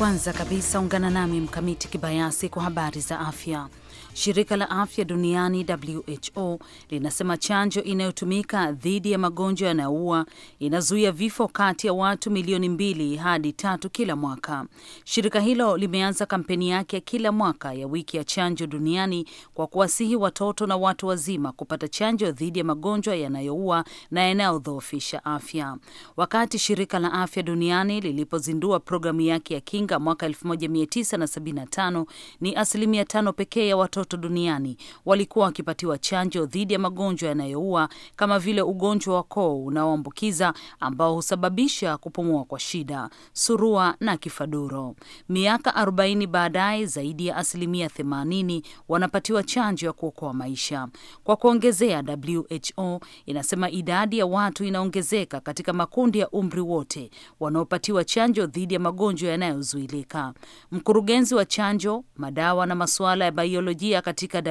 Kwanza kabisa ungana nami Mkamiti Kibayasi kwa habari za afya. Shirika la afya duniani WHO linasema chanjo inayotumika dhidi ya magonjwa yanayoua inazuia vifo kati ya watu milioni mbili hadi tatu kila mwaka. Shirika hilo limeanza kampeni yake ya kila mwaka ya wiki ya chanjo duniani kwa kuwasihi watoto na watu wazima kupata chanjo dhidi ya magonjwa yanayoua na yanayodhoofisha afya. Wakati shirika la afya duniani lilipozindua programu yake ya kinga mwaka 1975 ni asilimia tano pekee ya watoto watoto duniani walikuwa wakipatiwa chanjo dhidi ya magonjwa yanayoua kama vile ugonjwa wa koo unaoambukiza ambao husababisha kupumua kwa shida, surua na kifaduro. Miaka 40 baadaye, zaidi ya asilimia 80 wanapatiwa chanjo ya kuokoa maisha. Kwa kuongezea, WHO inasema idadi ya watu inaongezeka katika makundi ya umri wote wanaopatiwa chanjo dhidi ya magonjwa yanayozuilika. Mkurugenzi wa chanjo, madawa na masuala ya bioloji kuingia katika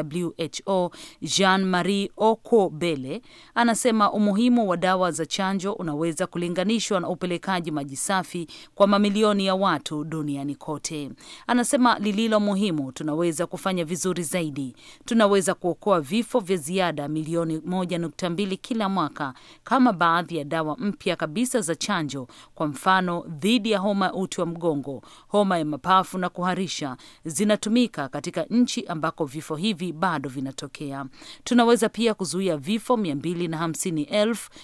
WHO Jean Marie Oko Bele anasema umuhimu wa dawa za chanjo unaweza kulinganishwa na upelekaji maji safi kwa mamilioni ya watu duniani kote. Anasema lililo muhimu, tunaweza kufanya vizuri zaidi. Tunaweza kuokoa vifo vya ziada milioni 1.2 kila mwaka kama baadhi ya dawa mpya kabisa za chanjo, kwa mfano dhidi ya homa ya uti wa mgongo, homa ya mapafu na kuharisha, zinatumika katika nchi ambako vifo hivi bado vinatokea. Tunaweza pia kuzuia vifo mia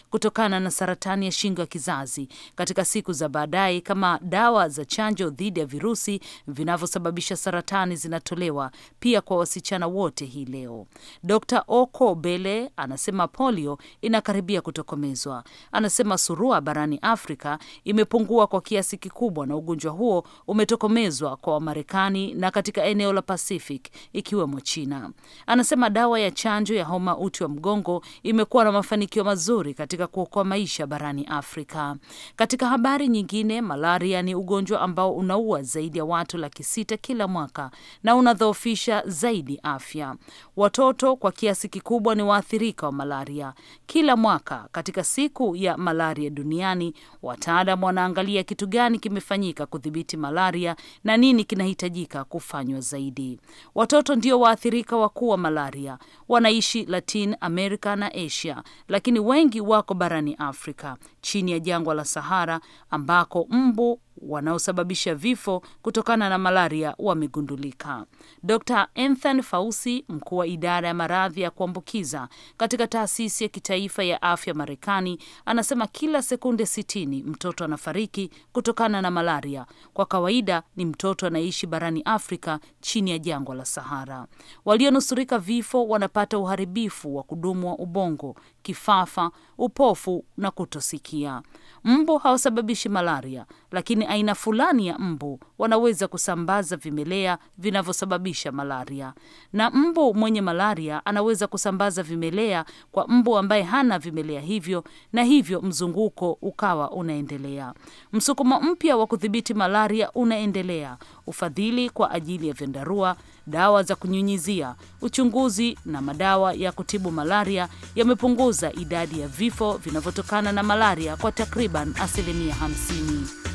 kutokana na saratani ya shingo ya kizazi katika siku za baadaye kama dawa za chanjo dhidi ya virusi vinavyosababisha saratani zinatolewa pia kwa wasichana wote hii leo. Dr Oko Bele anasema polio inakaribia kutokomezwa. Anasema surua barani Afrika imepungua kwa kiasi kikubwa na ugonjwa huo umetokomezwa kwa Wamarekani na katika eneo la Pacific ikiwemo mwa China. Anasema dawa ya chanjo ya homa uti wa mgongo imekuwa na mafanikio mazuri katika kuokoa maisha barani Afrika. Katika habari nyingine, malaria ni ugonjwa ambao unaua zaidi ya watu laki sita kila mwaka na unadhoofisha zaidi afya. Watoto kwa kiasi kikubwa ni waathirika wa malaria kila mwaka. Katika siku ya malaria duniani, wataalam wanaangalia kitu gani kimefanyika kudhibiti malaria na nini kinahitajika kufanywa zaidi. Watoto ndio waathirika wakuu wa malaria wanaishi Latin America na Asia, lakini wengi wako barani Afrika chini ya jangwa la Sahara ambako mbu wanaosababisha vifo kutokana na malaria wamegundulika. Dr Anthony Fauci, mkuu wa idara ya maradhi ya kuambukiza katika taasisi ya kitaifa ya afya Marekani, anasema kila sekunde 60 mtoto anafariki kutokana na malaria. Kwa kawaida ni mtoto anayeishi barani Afrika chini ya jangwa la Sahara. Walionusurika vifo wanapata uharibifu wa kudumu wa ubongo, kifafa, upofu na kutosikia. Mbu hawasababishi malaria, lakini aina fulani ya mbu wanaweza kusambaza vimelea vinavyosababisha malaria, na mbu mwenye malaria anaweza kusambaza vimelea kwa mbu ambaye hana vimelea hivyo, na hivyo mzunguko ukawa unaendelea. Msukumo mpya wa kudhibiti malaria unaendelea ufadhili kwa ajili ya vyandarua, dawa za kunyunyizia, uchunguzi na madawa ya kutibu malaria yamepunguza idadi ya vifo vinavyotokana na malaria kwa takriban asilimia 50.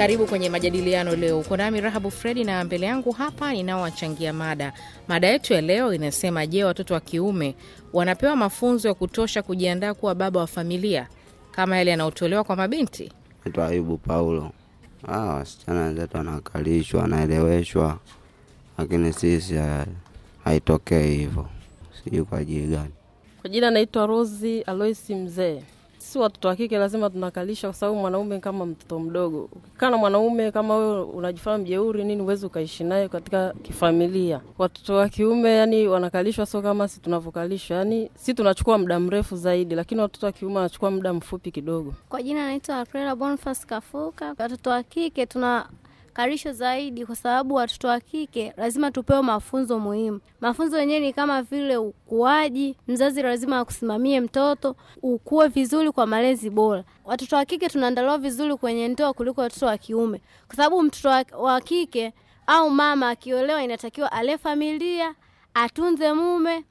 Karibu kwenye majadiliano leo. Uko nami Rahabu Fredi na mbele yangu hapa ninaowachangia mada. Mada yetu ya leo inasema, je, watoto wa kiume wanapewa mafunzo ya kutosha kujiandaa kuwa baba wa familia kama yale yanayotolewa kwa mabinti? Naitwa Ayubu Paulo. Ah, wasichana wenzetu wanakalishwa, wanaeleweshwa, lakini sisi haitokee hivyo, sijui kwa ajili gani. Kwa jina naitwa Rosi Aloisi Mzee si watoto wa kike lazima tunakalisha, kwa sababu mwanaume kama mtoto mdogo, ukikaa na mwanaume kama wewe unajifanya mjeuri nini, uwezi ukaishi naye katika kifamilia. Watoto wa kiume yani wanakalishwa sio kama si tunavyokalishwa, yani si tunachukua muda mrefu zaidi, lakini watoto wa kiume wanachukua muda mfupi kidogo. Kwa jina anaitwa Aprila Bonfas Kafuka. Watoto wa kike tuna kuimarisha zaidi, kwa sababu watoto wa kike lazima tupewe mafunzo muhimu. Mafunzo yenyewe ni kama vile ukuaji, mzazi lazima akusimamie mtoto ukue vizuri kwa malezi bora. Watoto wa kike tunaandaliwa vizuri kwenye ndoa kuliko watoto wa kiume, kwa sababu mtoto wa kike au mama akiolewa, inatakiwa ale familia, atunze mume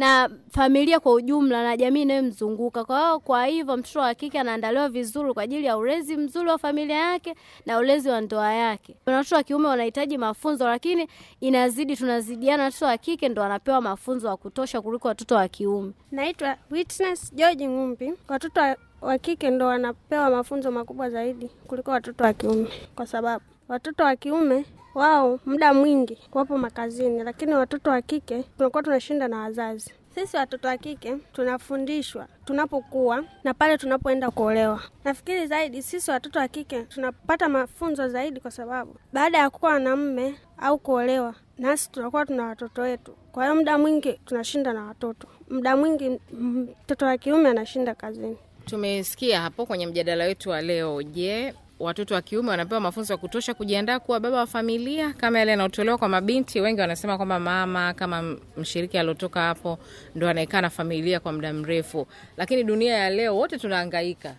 na familia kwa ujumla na jamii inayomzunguka. Kwa hiyo, kwa hivyo mtoto wa kike anaandaliwa vizuri kwa ajili ya ulezi mzuri wa familia yake na ulezi wa ndoa yake. Na watoto wa kiume wanahitaji mafunzo, lakini inazidi tunazidiana, watoto wa kike ndo wanapewa mafunzo ya kutosha kuliko watoto wa kiume. Naitwa Witness George Ngumbi. Watoto wa kike ndo wanapewa mafunzo makubwa zaidi kuliko watoto wa kiume kwa sababu watoto wa kiume wao muda mwingi wapo makazini, lakini watoto wa kike tunakuwa tunashinda na wazazi. Sisi watoto wa kike tunafundishwa tunapokuwa na pale tunapoenda kuolewa. Nafikiri zaidi sisi watoto wa kike tunapata mafunzo zaidi, kwa sababu baada ya kuwa na mume au kuolewa, nasi tunakuwa tuna watoto wetu. Kwa hiyo muda mwingi tunashinda na watoto, muda mwingi mtoto wa kiume anashinda kazini. Tumesikia hapo kwenye mjadala wetu wa leo. Je, watoto wa kiume wanapewa mafunzo ya kutosha kujiandaa kuwa baba wa familia kama yale yanayotolewa kwa mabinti. Wengi wanasema kwamba mama kama mshiriki aliotoka hapo ndo anaekaa na familia kwa muda mrefu, lakini dunia ya leo wote tunahangaika,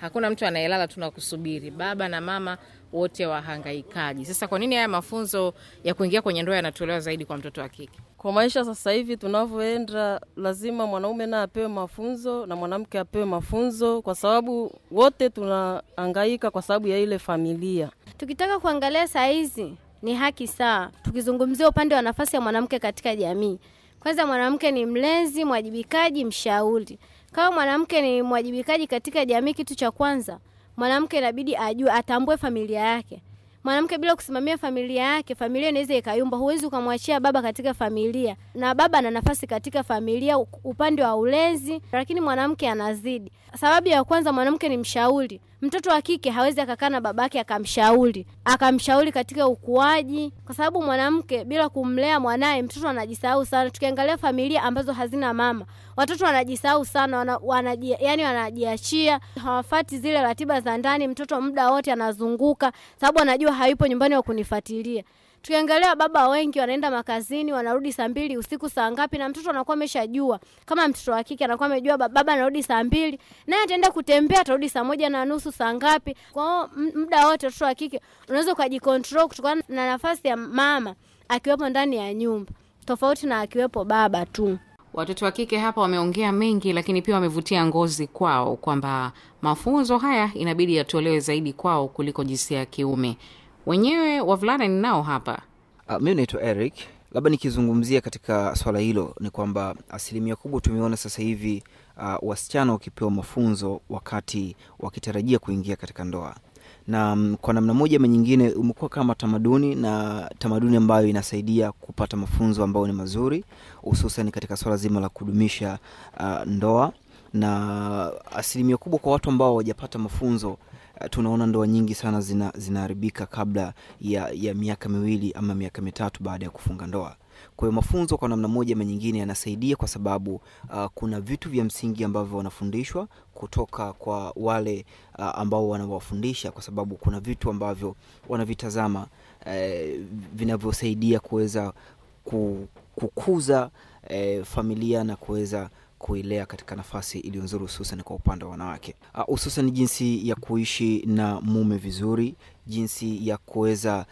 hakuna mtu anayelala tunakusubiri, baba na mama wote wahangaikaji. Sasa kwa nini haya mafunzo ya kuingia kwenye ndoa yanatolewa zaidi kwa mtoto wa kike? Kwa maisha sasa hivi tunavyoenda, lazima mwanaume naye apewe mafunzo na mwanamke apewe mafunzo, kwa sababu wote tunaangaika kwa sababu ya ile familia. Tukitaka kuangalia saa hizi ni haki sawa, tukizungumzia upande wa nafasi ya mwanamke katika jamii, kwanza mwanamke ni mlezi, mwajibikaji, mshauri. Kama mwanamke ni mwajibikaji katika jamii, kitu cha kwanza mwanamke inabidi ajue, atambue familia yake mwanamke bila kusimamia familia yake, familia inaweza ikayumba. Huwezi ukamwachia baba katika familia, na baba ana nafasi katika familia upande wa ulezi, lakini mwanamke anazidi. Sababu ya kwanza, mwanamke ni mshauri. Mtoto wa kike hawezi akakaa na baba yake akamshauri akamshauri katika ukuaji, kwa sababu mwanamke bila kumlea mwanaye, mtoto anajisahau sana. Tukiangalia familia ambazo hazina mama, watoto wanajisahau sana wana, wanaji, yani wanajiachia, hawafati zile ratiba za ndani. Mtoto muda wote anazunguka, sababu anajua hayupo nyumbani wa kunifuatilia. Tukiangalia baba wengi wanaenda makazini, wanarudi saa mbili usiku saa ngapi, na mtoto anakuwa ameshajua. Kama mtoto wa kike anakuwa amejua baba anarudi saa mbili, naye ataenda kutembea, atarudi saa moja na nusu saa ngapi. kwao muda wote watoto wa kike unaweza ukajikontrol kutokana na nafasi ya mama akiwepo ndani ya nyumba, tofauti na akiwepo baba tu. Watoto wa kike hapa wameongea mengi, lakini pia wamevutia ngozi kwao kwamba mafunzo haya inabidi yatolewe zaidi kwao kuliko jinsia ya kiume. Wenyewe wavulana ninao hapa. Uh, mimi naitwa Eric. Labda nikizungumzia katika swala hilo ni kwamba asilimia kubwa tumeona sasa hivi uh, wasichana wakipewa mafunzo wakati wakitarajia kuingia katika ndoa na mm, kwa namna moja ama nyingine umekuwa kama tamaduni na tamaduni ambayo inasaidia kupata mafunzo ambayo ni mazuri, hususan katika swala zima la kudumisha uh, ndoa na asilimia kubwa kwa watu ambao hawajapata mafunzo uh, tunaona ndoa nyingi sana zina, zinaharibika kabla ya, ya miaka miwili ama miaka mitatu baada ya kufunga ndoa. Kwa hiyo mafunzo kwa namna moja ama nyingine yanasaidia kwa sababu uh, kuna vitu vya msingi ambavyo wanafundishwa kutoka kwa wale uh, ambao wanawafundisha, kwa sababu kuna vitu ambavyo wanavitazama uh, vinavyosaidia kuweza kukuza uh, familia na kuweza kuilea katika nafasi iliyo nzuri, hususan kwa upande wa wanawake, uh, hususan uh, jinsi ya kuishi na mume vizuri, jinsi ya kuweza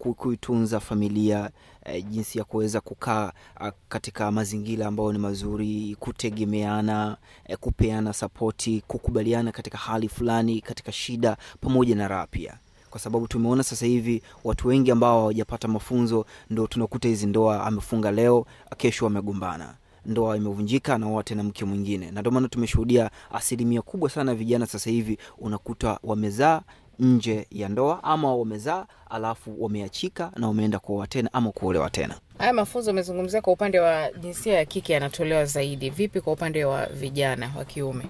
uh, kuitunza familia eh, jinsi ya kuweza kukaa ah, katika mazingira ambayo ni mazuri, kutegemeana, eh, kupeana sapoti, kukubaliana katika hali fulani, katika shida pamoja na raha pia kwa sababu tumeona sasa hivi watu wengi ambao hawajapata mafunzo ndo tunakuta hizi ndoa, amefunga leo, kesho amegombana, ndoa imevunjika, anaoa tena mke mwingine, na ndio maana tumeshuhudia asilimia kubwa sana ya vijana sasa hivi unakuta wamezaa nje ya ndoa ama wamezaa alafu wameachika na wameenda kuoa tena ama kuolewa tena. Haya mafunzo umezungumzia kwa upande wa jinsia ya kike yanatolewa zaidi, vipi kwa upande wa vijana wa kiume?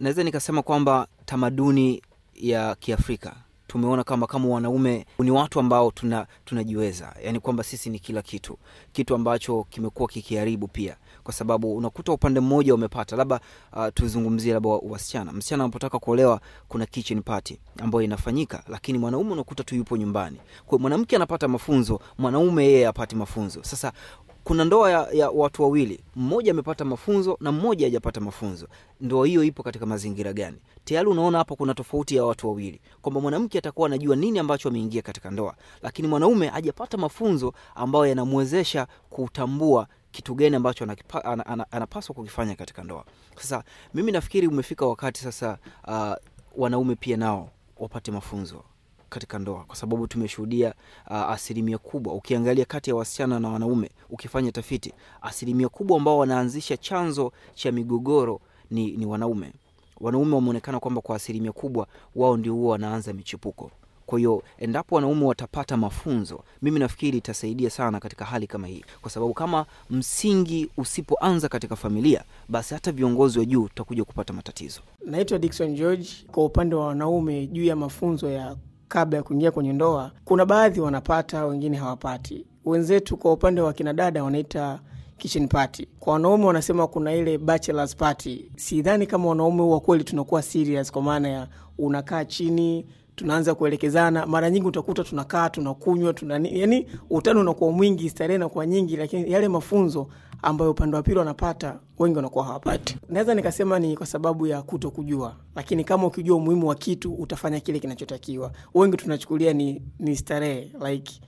Naweza nikasema kwamba tamaduni ya Kiafrika tumeona kama kama wanaume ni watu ambao tuna, tunajiweza, yani kwamba sisi ni kila kitu, kitu ambacho kimekuwa kikiharibu pia kwa sababu unakuta upande mmoja umepata labda uh, tuzungumzie labda wasichana msichana anapotaka kuolewa kuna kitchen party ambayo inafanyika lakini mwanaume unakuta tu yupo nyumbani kwa mwanamke anapata mafunzo mwanaume yeye apati mafunzo sasa kuna ndoa ya, ya watu wawili mmoja amepata mafunzo na mmoja hajapata mafunzo ndoa hiyo ipo katika mazingira gani tayari unaona hapo kuna tofauti ya watu wawili kwamba mwanamke atakuwa anajua nini ambacho ameingia katika ndoa lakini mwanaume hajapata mafunzo ambayo yanamwezesha kutambua kitu gani ambacho anapaswa kukifanya katika ndoa sasa mimi nafikiri umefika wakati sasa uh, wanaume pia nao wapate mafunzo katika ndoa kwa sababu tumeshuhudia uh, asilimia kubwa ukiangalia kati ya wasichana na wanaume ukifanya tafiti asilimia kubwa ambao wanaanzisha chanzo cha migogoro ni, ni wanaume wanaume wameonekana kwamba kwa asilimia kubwa wao ndio huo wanaanza michepuko kwa hiyo endapo wanaume watapata mafunzo, mimi nafikiri itasaidia sana katika hali kama hii, kwa sababu kama msingi usipoanza katika familia, basi hata viongozi wa juu tutakuja kupata matatizo. Naitwa dikson George. Kwa upande wa wanaume juu ya mafunzo ya kabla ya kuingia kwenye ndoa, kuna baadhi wanapata, wengine hawapati. Wenzetu kwa upande wa kinadada wanaita kitchen party. Kwa wanaume wanasema kuna ile bachelors party. Sidhani kama wanaume huwa kweli tunakuwa serious, kwa maana ya unakaa chini tunaanza kuelekezana. Mara nyingi utakuta tunakaa tunakunywa tuna, yani utani unakuwa mwingi, starehe nakuwa nyingi, lakini yale mafunzo ambayo upande wa pili wanapata wengi wanakuwa hawapati. Naweza nikasema ni kwa sababu ya kuto kujua, lakini kama ukijua umuhimu wa kitu utafanya kile kinachotakiwa. Wengi tunachukulia ni, ni starehe like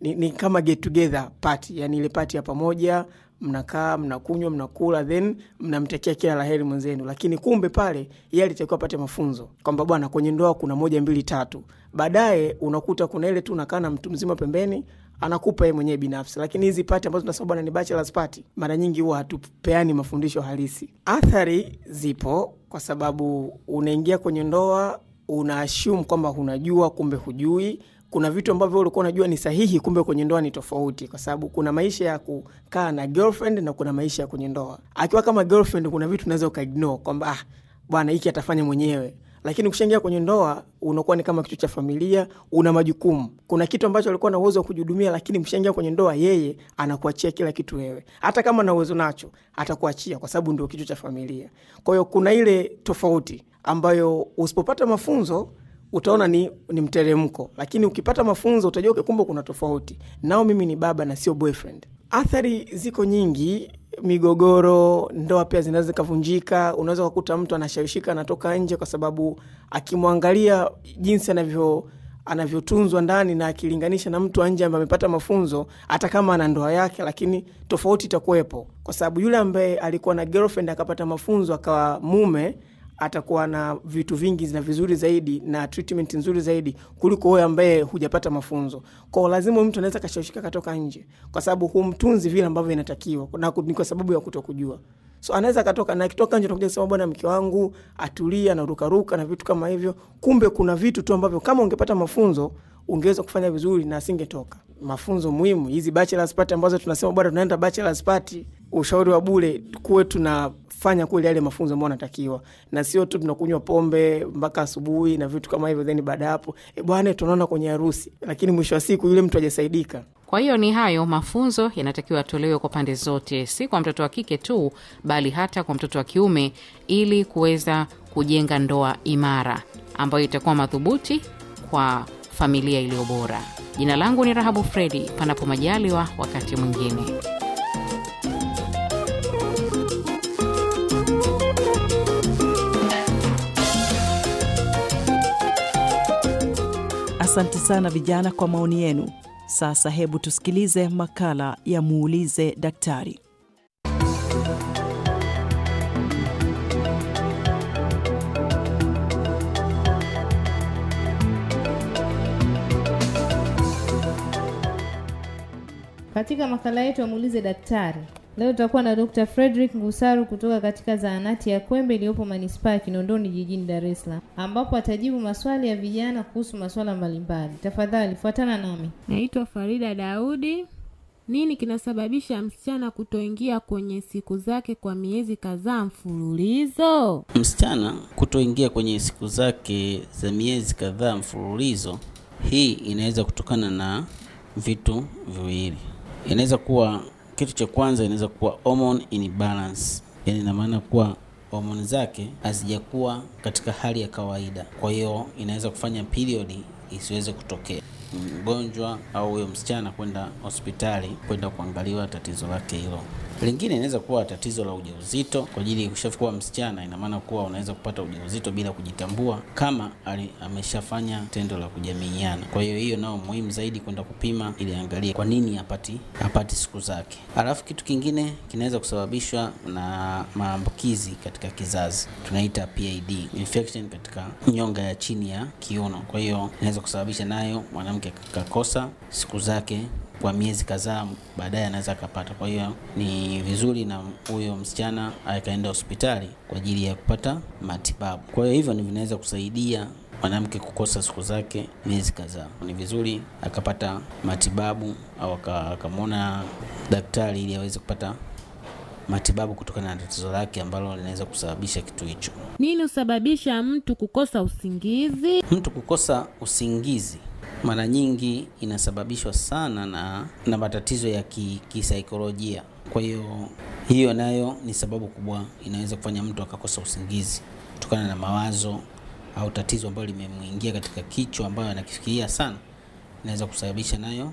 ni, ni kama get together party, yani ile party ya pamoja mnakaa mnakunywa mnakula then mnamtakia kila laheri mwenzenu, lakini kumbe pale yeye alitakiwa apate mafunzo kwamba bwana, kwenye ndoa kuna moja mbili tatu. Baadaye unakuta kuna ile tu nakaa na mtu mzima pembeni anakupa ye mwenyewe binafsi, lakini hizi pati ambazo nasema bwana ni bachelor's party, mara nyingi huwa hatupeani mafundisho halisi. Athari zipo kwa sababu unaingia kwenye ndoa unaashum kwamba hunajua, kumbe hujui kuna vitu ambavyo ulikuwa unajua ni sahihi, kumbe kwenye ndoa ni tofauti, kwa sababu kuna maisha ya kukaa na girlfriend na kuna maisha ya kwenye ndoa. Akiwa kama girlfriend, kuna vitu unaweza ukaignore kwamba ah, bwana hiki atafanya mwenyewe lakini ukishaingia kwenye ndoa unakuwa ni kama kitu cha familia, una majukumu. Kuna kitu ambacho alikuwa na uwezo wa kujihudumia, lakini mshaingia kwenye ndoa, yeye anakuachia kila kitu wewe. Hata kama na uwezo nacho, atakuachia kwa sababu ndio kitu cha familia. Kwa hiyo kuna ile tofauti ambayo usipopata mafunzo utaona ni, ni mteremko, lakini ukipata mafunzo utajua kumbe kuna tofauti. Nao mimi ni baba na sio boyfriend. Athari ziko nyingi, migogoro, ndoa pia zinaweza zikavunjika. Unaweza kakuta mtu anashawishika, anatoka nje, kwa sababu akimwangalia jinsi anavyo anavyotunzwa ndani na akilinganisha na mtu anje ambaye amepata mafunzo, hata kama ana ndoa yake, lakini tofauti itakuwepo, kwa sababu yule ambaye alikuwa na girlfriend akapata mafunzo akawa mume atakuwa na vitu vingi na vizuri zaidi na treatment nzuri zaidi kuliko wewe ambaye hujapata mafunzo. Kwa lazima mtu anaweza kashawishika katoka nje, kwa sababu humtunzi vile ambavyo inatakiwa, na ni kwa sababu ya kutokujua. So anaweza katoka na kitoka nje tunakuja kusema bwana, mke wangu atulia na rukaruka na vitu kama hivyo, kumbe kuna vitu tu ambavyo kama ungepata mafunzo ungeweza kufanya vizuri na asingetoka. Mafunzo muhimu, hizi bachelor's party ambazo tunasema bwana, tunaenda bachelor's party, ushauri wa bure, kuwe tuna kufanya kule yale mafunzo ambayo anatakiwa, na sio tu tunakunywa pombe mpaka asubuhi na vitu kama hivyo, then baada hapo e, bwana tunaona kwenye harusi, lakini mwisho wa siku yule mtu hajasaidika. Kwa hiyo ni hayo mafunzo yanatakiwa yatolewe kwa pande zote, si kwa mtoto wa kike tu, bali hata kwa mtoto wa kiume, ili kuweza kujenga ndoa imara ambayo itakuwa madhubuti kwa familia iliyo bora. Jina langu ni Rahabu Fredi, panapo majaliwa wakati mwingine. Asante sana vijana kwa maoni yenu. Sasa hebu tusikilize makala ya muulize daktari. Katika makala yetu ya muulize daktari Leo tutakuwa na Dr. Frederick Ngusaru kutoka katika zahanati ya Kwembe iliyopo manispaa ya Kinondoni jijini Dar es Salaam, ambapo atajibu maswali ya vijana kuhusu masuala mbalimbali. Tafadhali fuatana nami. Naitwa Farida Daudi. Nini kinasababisha msichana kutoingia kwenye siku zake kwa miezi kadhaa mfululizo? Msichana kutoingia kwenye siku zake za miezi kadhaa mfululizo, hii inaweza kutokana na vitu viwili. Inaweza kuwa kitu cha kwanza inaweza kuwa hormone balance, yani ina maana kuwa homoni zake hazijakuwa katika hali ya kawaida, kwa hiyo inaweza kufanya periodi isiweze kutokea mgonjwa au huyo msichana kwenda hospitali kwenda kuangaliwa tatizo lake hilo. Lingine inaweza kuwa tatizo la ujauzito, kwa ajili kushakuwa msichana, ina maana kuwa unaweza kupata ujauzito bila kujitambua kama ali, ameshafanya tendo la kujamiiana. Kwa hiyo hiyo nao muhimu zaidi kwenda kupima ili angalie kwa nini apati apati siku zake. Alafu kitu kingine kinaweza kusababishwa na maambukizi katika kizazi, tunaita PID infection katika nyonga ya chini ya kiuno. Kwa hiyo inaweza kusababisha nayo mwanamke akakosa siku zake kwa miezi kadhaa baadaye anaweza akapata. Kwa hiyo ni vizuri na huyo msichana akaenda hospitali kwa ajili ya kupata matibabu. Kwa hiyo hivyo ni vinaweza kusaidia mwanamke kukosa siku zake miezi kadhaa. Ni vizuri akapata matibabu au akamwona daktari ili aweze kupata matibabu kutokana na tatizo lake ambalo linaweza kusababisha kitu hicho. Nini husababisha mtu kukosa usingizi? Mtu kukosa usingizi mara nyingi inasababishwa sana na, na matatizo ya kisaikolojia ki kwa hiyo hiyo nayo ni sababu kubwa inaweza kufanya mtu akakosa usingizi kutokana na mawazo au tatizo ambalo limemwingia katika kichwa ambayo anakifikiria sana inaweza kusababisha nayo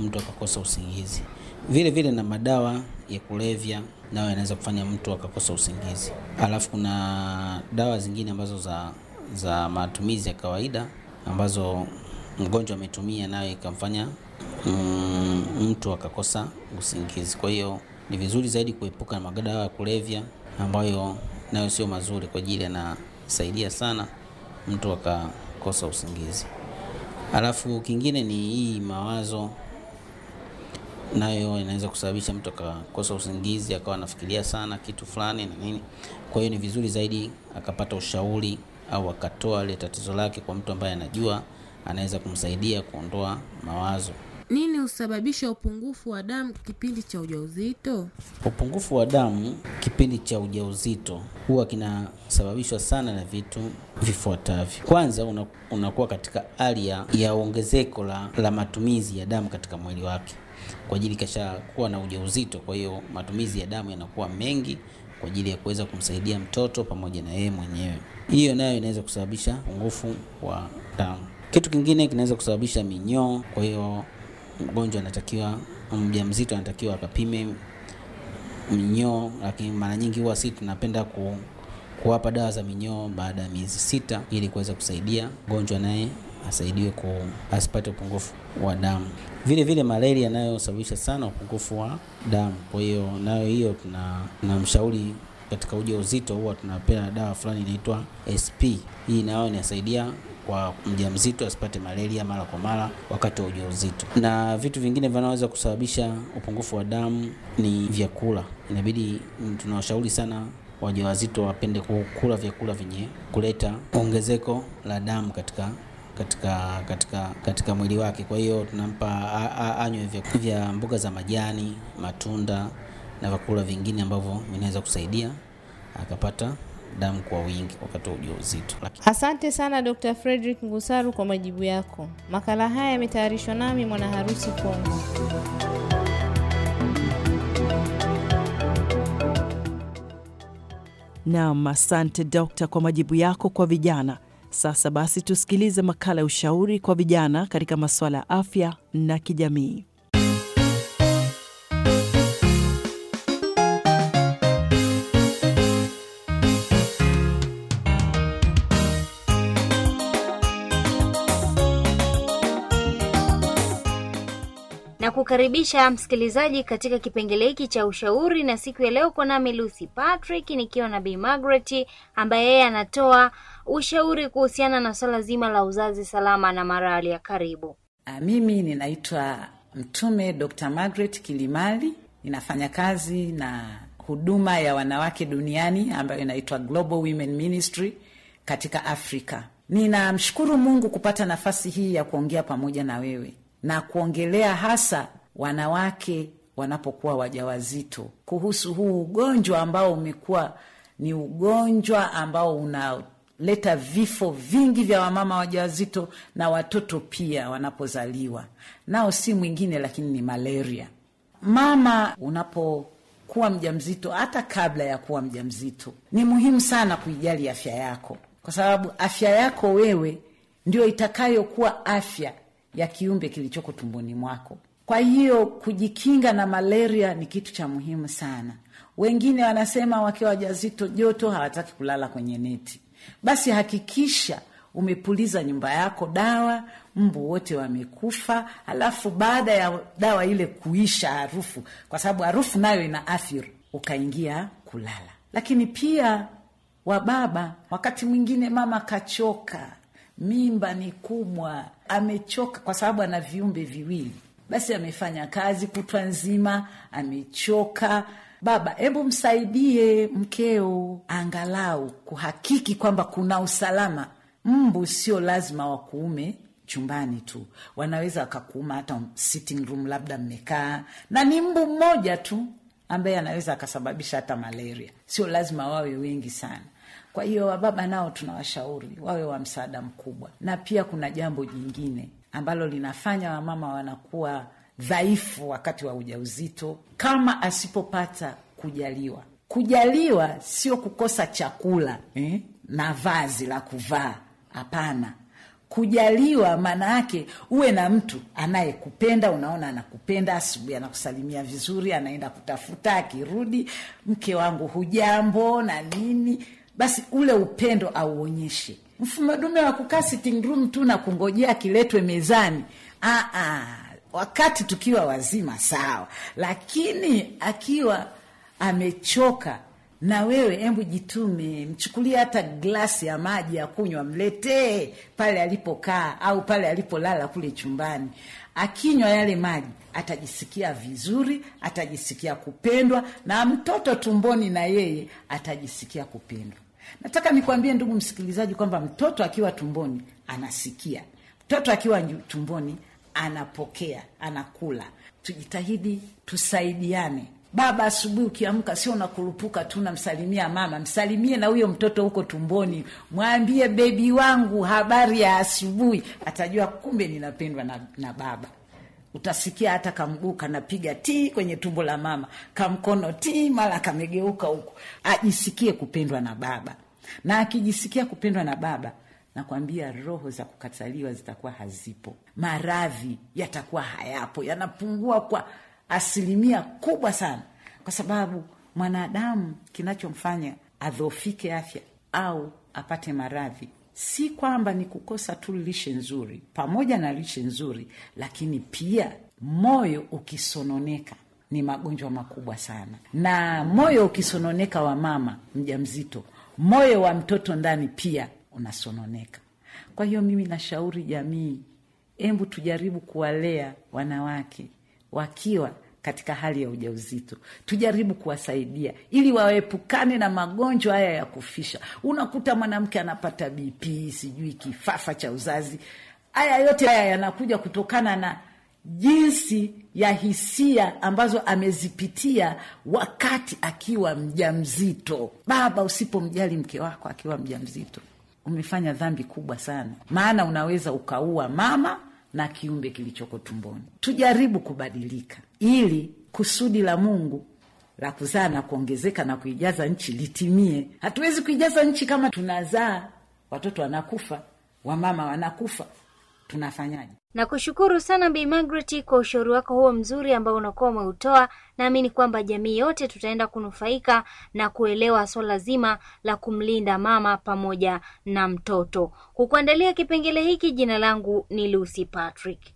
mtu akakosa usingizi vile vile na madawa ya kulevya nayo yanaweza kufanya mtu akakosa usingizi alafu kuna dawa zingine ambazo za za matumizi ya kawaida ambazo mgonjwa ametumia nayo ikamfanya mm, mtu akakosa usingizi. Kwa hiyo ni vizuri zaidi kuepuka na madawa ya kulevya ambayo nayo sio mazuri kwa ajili, yanasaidia sana mtu akakosa usingizi. Alafu kingine ni hii mawazo, nayo inaweza kusababisha mtu akakosa usingizi, akawa anafikiria sana kitu fulani na nini. Kwa hiyo ni vizuri zaidi akapata ushauri au akatoa ile tatizo lake kwa mtu ambaye anajua anaweza kumsaidia kuondoa mawazo. Nini husababisha upungufu wa damu kipindi cha ujauzito? Upungufu wa damu kipindi cha ujauzito huwa kinasababishwa sana na vitu vifuatavyo. Kwanza, unakuwa katika hali ya ongezeko la, la matumizi ya damu katika mwili wake kwa ajili kuwa na ujauzito, kwa hiyo matumizi ya damu yanakuwa mengi kwa ajili ya kuweza kumsaidia mtoto pamoja na yeye mwenyewe. Hiyo nayo inaweza kusababisha upungufu wa damu. Kitu kingine kinaweza kusababisha minyoo, kwa hiyo mgonjwa anatakiwa, mjamzito anatakiwa akapime minyoo, lakini mara nyingi huwa si tunapenda ku, kuwapa dawa za minyoo baada ya miezi sita ili kuweza kusaidia mgonjwa naye asaidiwe ku asipate upungufu wa damu. Vile vile malaria yanayosababisha sana upungufu wa damu, kwa hiyo nayo hiyo tunamshauri tuna katika ujauzito huwa tunapea dawa fulani inaitwa SP. Hii nayo inasaidia kwa mjamzito asipate malaria mara kwa mara wakati wa ujauzito. Na vitu vingine vinaweza kusababisha upungufu wa damu ni vyakula. Inabidi tunawashauri sana wajawazito wapende kukula vyakula vyenye kuleta ongezeko la damu katika katika katika katika mwili wake. Kwa hiyo tunampa anywe vya mboga za majani, matunda na vyakula vingine ambavyo vinaweza kusaidia akapata damu kwa wingi wakati wa ujauzito. Asante sana Dr. Frederick Ngusaru kwa majibu yako. Makala haya yametayarishwa nami mwana harusi Kongo. Naam, asante dokta kwa majibu yako kwa vijana. Sasa basi tusikilize makala ya ushauri kwa vijana katika masuala ya afya na kijamii. kukaribisha msikilizaji katika kipengele hiki cha ushauri, na siku ya leo uko nami Lucy Patrick nikiwa na Bi Margaret ambaye yeye anatoa ushauri kuhusiana na swala zima la uzazi salama na marali ya karibu. Ah, mimi ninaitwa Mtume Dr. Margaret Kilimali, ninafanya kazi na huduma ya wanawake duniani ambayo inaitwa Global Women Ministry katika Afrika. Ninamshukuru Mungu kupata nafasi hii ya kuongea pamoja na wewe na kuongelea hasa wanawake wanapokuwa wajawazito kuhusu huu ugonjwa ambao umekuwa ni ugonjwa ambao unaleta vifo vingi vya wamama wajawazito na watoto pia wanapozaliwa, nao si mwingine lakini ni malaria. Mama unapokuwa mjamzito, hata kabla ya kuwa mjamzito, ni muhimu sana kuijali afya yako, kwa sababu afya yako wewe ndio itakayokuwa afya ya kiumbe kilichoko tumboni mwako. Kwa hiyo kujikinga na malaria ni kitu cha muhimu sana. Wengine wanasema wakiwa wajazito joto hawataki kulala kwenye neti. Basi hakikisha umepuliza nyumba yako dawa, mbu wote wamekufa. Alafu baada ya dawa ile kuisha harufu, kwa sababu harufu nayo ina athiri, ukaingia kulala. Lakini pia wababa, wakati mwingine mama kachoka, mimba ni kubwa, amechoka kwa sababu ana viumbe viwili, basi amefanya kazi kutwa nzima, amechoka. Baba, hebu msaidie mkeo angalau kuhakiki kwamba kuna usalama. Mbu sio lazima wakuume chumbani tu, wanaweza wakakuuma hata sitting room, labda mmekaa, na ni mbu mmoja tu ambaye anaweza akasababisha hata malaria. Sio lazima wawe wengi sana. Kwa hiyo wababa nao tunawashauri wawe wa msaada mkubwa, na pia kuna jambo jingine ambalo linafanya wamama wanakuwa dhaifu wakati wa ujauzito, kama asipopata kujaliwa. Kujaliwa sio kukosa chakula eh, na vazi la kuvaa, hapana. Kujaliwa maana yake uwe na mtu anayekupenda, unaona anakupenda, asubuhi anakusalimia vizuri, anaenda kutafuta, akirudi, mke wangu hujambo na nini basi ule upendo auonyeshe. Mfumo dume wa kukaa sitting room tu na kungojea kiletwe mezani, aa, wakati tukiwa wazima sawa, lakini akiwa amechoka na wewe embu jitume, mchukulie hata glasi ya maji ya kunywa, mletee pale alipokaa au pale alipolala kule chumbani. Akinywa yale maji atajisikia vizuri, atajisikia kupendwa, na mtoto tumboni na yeye atajisikia kupendwa. Nataka nikwambie ndugu msikilizaji kwamba mtoto akiwa tumboni anasikia, mtoto akiwa tumboni anapokea, anakula. Tujitahidi tusaidiane. Baba asubuhi ukiamka, sio unakurupuka tu namsalimia mama, msalimie na huyo mtoto huko tumboni, mwambie bebi wangu, habari ya asubuhi. Atajua kumbe ninapendwa na, na baba. Utasikia hata kamguu kanapiga ti kwenye tumbo la mama, kamkono ti, mara kamegeuka huku Ajisikie kupendwa na baba, na akijisikia kupendwa na baba nakwambia roho za kukataliwa zitakuwa hazipo, maradhi yatakuwa hayapo, yanapungua kwa asilimia kubwa sana, kwa sababu mwanadamu kinachomfanya adhofike afya au apate maradhi si kwamba ni kukosa tu lishe nzuri, pamoja na lishe nzuri, lakini pia moyo ukisononeka ni magonjwa makubwa sana. Na moyo ukisononeka wa mama mjamzito, moyo wa mtoto ndani pia unasononeka. Kwa hiyo mimi nashauri jamii, embu tujaribu kuwalea wanawake wakiwa katika hali ya ujauzito. Tujaribu kuwasaidia ili waepukane na magonjwa haya ya kufisha. Unakuta mwanamke anapata BP, sijui kifafa cha uzazi. Haya yote haya yanakuja kutokana na jinsi ya hisia ambazo amezipitia wakati akiwa mjamzito. Baba, usipomjali mke wako akiwa mjamzito, umefanya dhambi kubwa sana, maana unaweza ukaua mama na kiumbe kilichoko tumboni. Tujaribu kubadilika ili kusudi la Mungu la kuzaa na kuongezeka na kuijaza nchi litimie. Hatuwezi kuijaza nchi kama tunazaa watoto wanakufa, wamama wanakufa, tunafanyaje? Nakushukuru sana Bi magret kwa ushauri wako huo mzuri ambao unakuwa umeutoa. Naamini kwamba jamii yote tutaenda kunufaika na kuelewa swala zima la kumlinda mama pamoja na mtoto. Kukuandalia kipengele hiki, jina langu ni Lucy Patrick.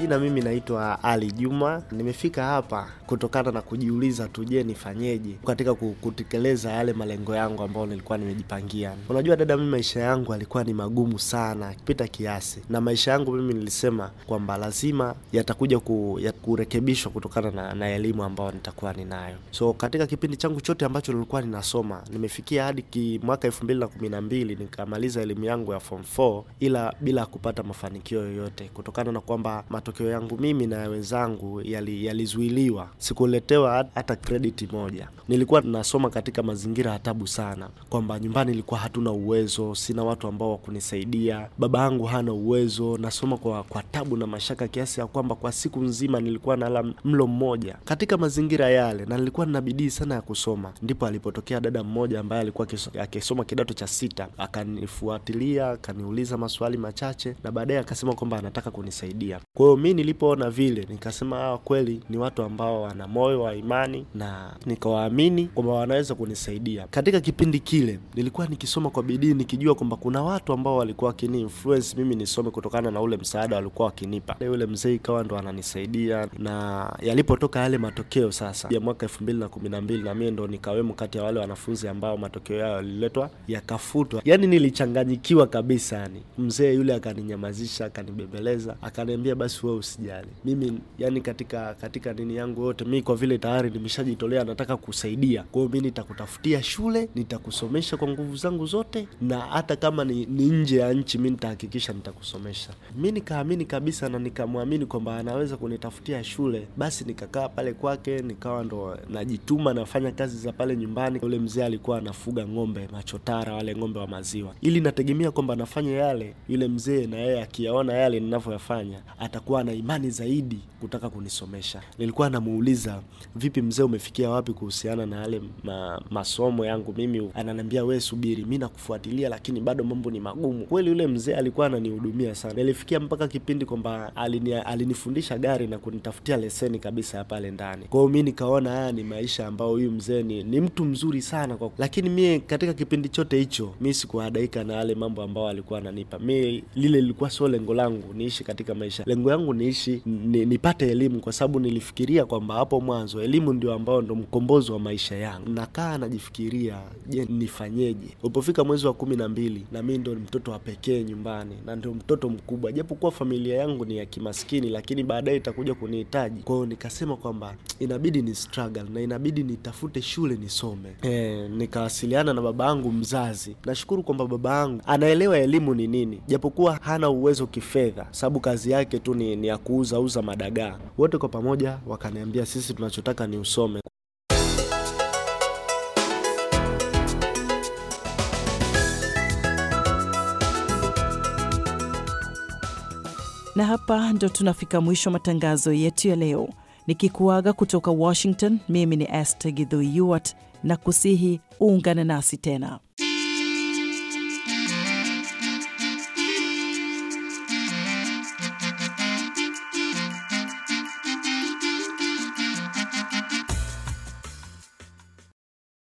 jina mimi naitwa Ali Juma. Nimefika hapa kutokana na kujiuliza tu, je, nifanyeje katika kutekeleza yale malengo yangu ambayo nilikuwa nimejipangia. Unajua dada, mimi maisha yangu alikuwa ni magumu sana kipita kiasi, na maisha yangu mimi nilisema kwamba lazima yatakuja ku, ya kurekebishwa kutokana na, na elimu ambayo nitakuwa ninayo. So katika kipindi changu chote ambacho nilikuwa ninasoma nimefikia hadi ki mwaka elfu mbili na kumi na mbili nikamaliza elimu yangu ya form 4 ila bila kupata mafanikio yoyote kutokana na kwamba matokeo yangu mimi na wenzangu yalizuiliwa, yali sikuletewa hata krediti moja. Nilikuwa nasoma katika mazingira hatabu sana, kwamba nyumbani ilikuwa hatuna uwezo, sina watu ambao wakunisaidia, baba yangu hana uwezo, nasoma kwa, kwa tabu na mashaka kiasi ya kwamba kwa siku nzima nilikuwa nala mlo mmoja katika mazingira yale, na nilikuwa nina bidii sana ya kusoma. Ndipo alipotokea dada mmoja ambaye alikuwa akisoma kidato cha sita, akanifuatilia akaniuliza maswali machache, na baadaye akasema kwamba anataka kunisaidia. Kwa hiyo mi nilipoona vile nikasema, hawa ah, kweli ni watu ambao wana moyo wa imani, na nikawaamini kwamba wanaweza kunisaidia. Katika kipindi kile nilikuwa nikisoma kwa bidii, nikijua kwamba kuna watu ambao walikuwa wakini influence mimi nisome kutokana na ule msaada walikuwa wakinipa. Yule mzee ikawa ndo ananisaidia, na yalipotoka yale matokeo sasa ya mwaka elfu mbili na kumi na mbili na mie ndo nikawemo kati ya wale wanafunzi ambao matokeo yao yaliletwa yakafutwa. Yani nilichanganyikiwa kabisa, yani mzee yule akaninyamazisha, akanibembeleza, akaniambia basi wewe usijali. Mimi yani katika katika nini yangu yote mimi kwa vile tayari nimeshajitolea nataka kusaidia. Kwa hiyo mimi nitakutafutia shule, nitakusomesha kwa nguvu zangu zote na hata kama ni, ni nje ya nchi mimi nitahakikisha nitakusomesha. Mimi nikaamini kabisa na nikamwamini kwamba anaweza kunitafutia shule. Basi nikakaa pale kwake nikawa ndo najituma nafanya kazi za pale nyumbani. Yule mzee alikuwa anafuga ng'ombe machotara, wale ng'ombe wa maziwa. Ili nategemea kwamba nafanya yale, yule mzee na yeye akiyaona yale ninavyoyafanya atakuwa alikuwa na imani zaidi kutaka kunisomesha. Nilikuwa namuuliza, vipi mzee, umefikia wapi kuhusiana na yale ma, masomo yangu mimi? Ananiambia, we subiri, mi nakufuatilia, lakini bado mambo ni magumu. Kweli yule mzee alikuwa ananihudumia sana. Nilifikia mpaka kipindi kwamba alini, alinifundisha gari na kunitafutia leseni kabisa ya pale ndani. Kwa hiyo mi nikaona haya ni maisha ambayo huyu mzee ni, ni mtu mzuri sana kwa, lakini mie katika kipindi chote hicho mi sikuhadaika na yale mambo ambayo alikuwa ananipa mi. Lile lilikuwa sio lengo langu niishi katika maisha, lengo yangu yangu niishi nipate elimu, kwa sababu nilifikiria kwamba hapo mwanzo elimu ndio ambao ndo mkombozi wa maisha yangu. Nakaa najifikiria, je, nifanyeje? Ulipofika mwezi wa kumi na mbili na mi ndo mtoto wa pekee nyumbani na ndio mtoto mkubwa, japokuwa familia yangu ni ya kimaskini, lakini baadaye itakuja kunihitaji. kwao nikasema kwamba inabidi ni struggle na inabidi nitafute shule nisome. E, nikawasiliana na baba yangu mzazi. Nashukuru kwamba baba yangu anaelewa elimu ni nini, japokuwa hana uwezo kifedha, sababu kazi yake tu ni ni ya kuuza uza madagaa. Wote kwa pamoja wakaniambia, sisi tunachotaka ni usome. Na hapa ndo tunafika mwisho matangazo yetu ya leo, nikikuaga kutoka Washington. Mimi ni Esther Githui na kusihi uungane nasi tena.